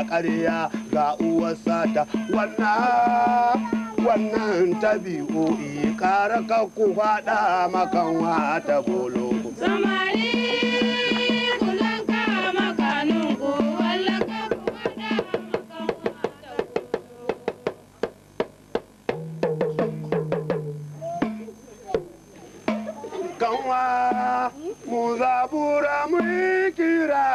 ga ƙarya ga uwar sata wannan wannan tabi'o'i kara ka ku faɗa makan wata bolo. Samari! Kanwa, mu zabura mu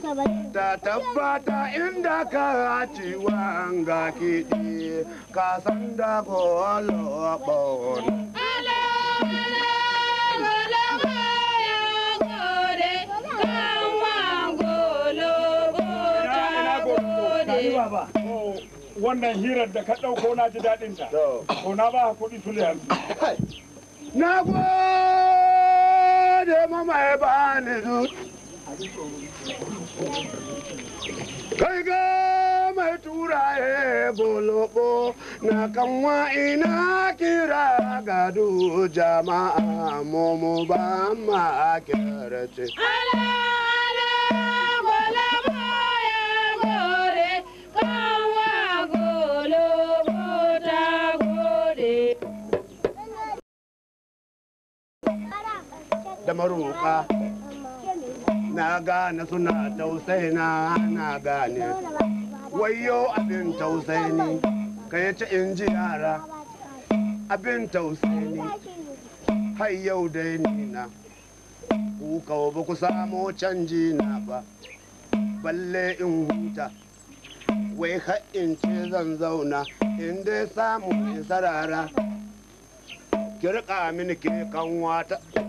Ta tabbata inda ka ci wanga kiɗi ka san da Wannan hirar da ka ɗauko na ji daɗin ta, ko na ba kuɗi su Na gode mama ya ba ni zuci. kai ga mai turaye bolobo na kanwa ina kira gado jama'a momo ba ma kyarce da maroka na gane suna tausai na na gane wayo abin tausai ne ka yi ci in ji yara abin tausai ne har yau dai ni na kuka ba ku samo canji na ba balle in huta wai har in ce zan zauna in dai samu in sarara ki mini ke kan wata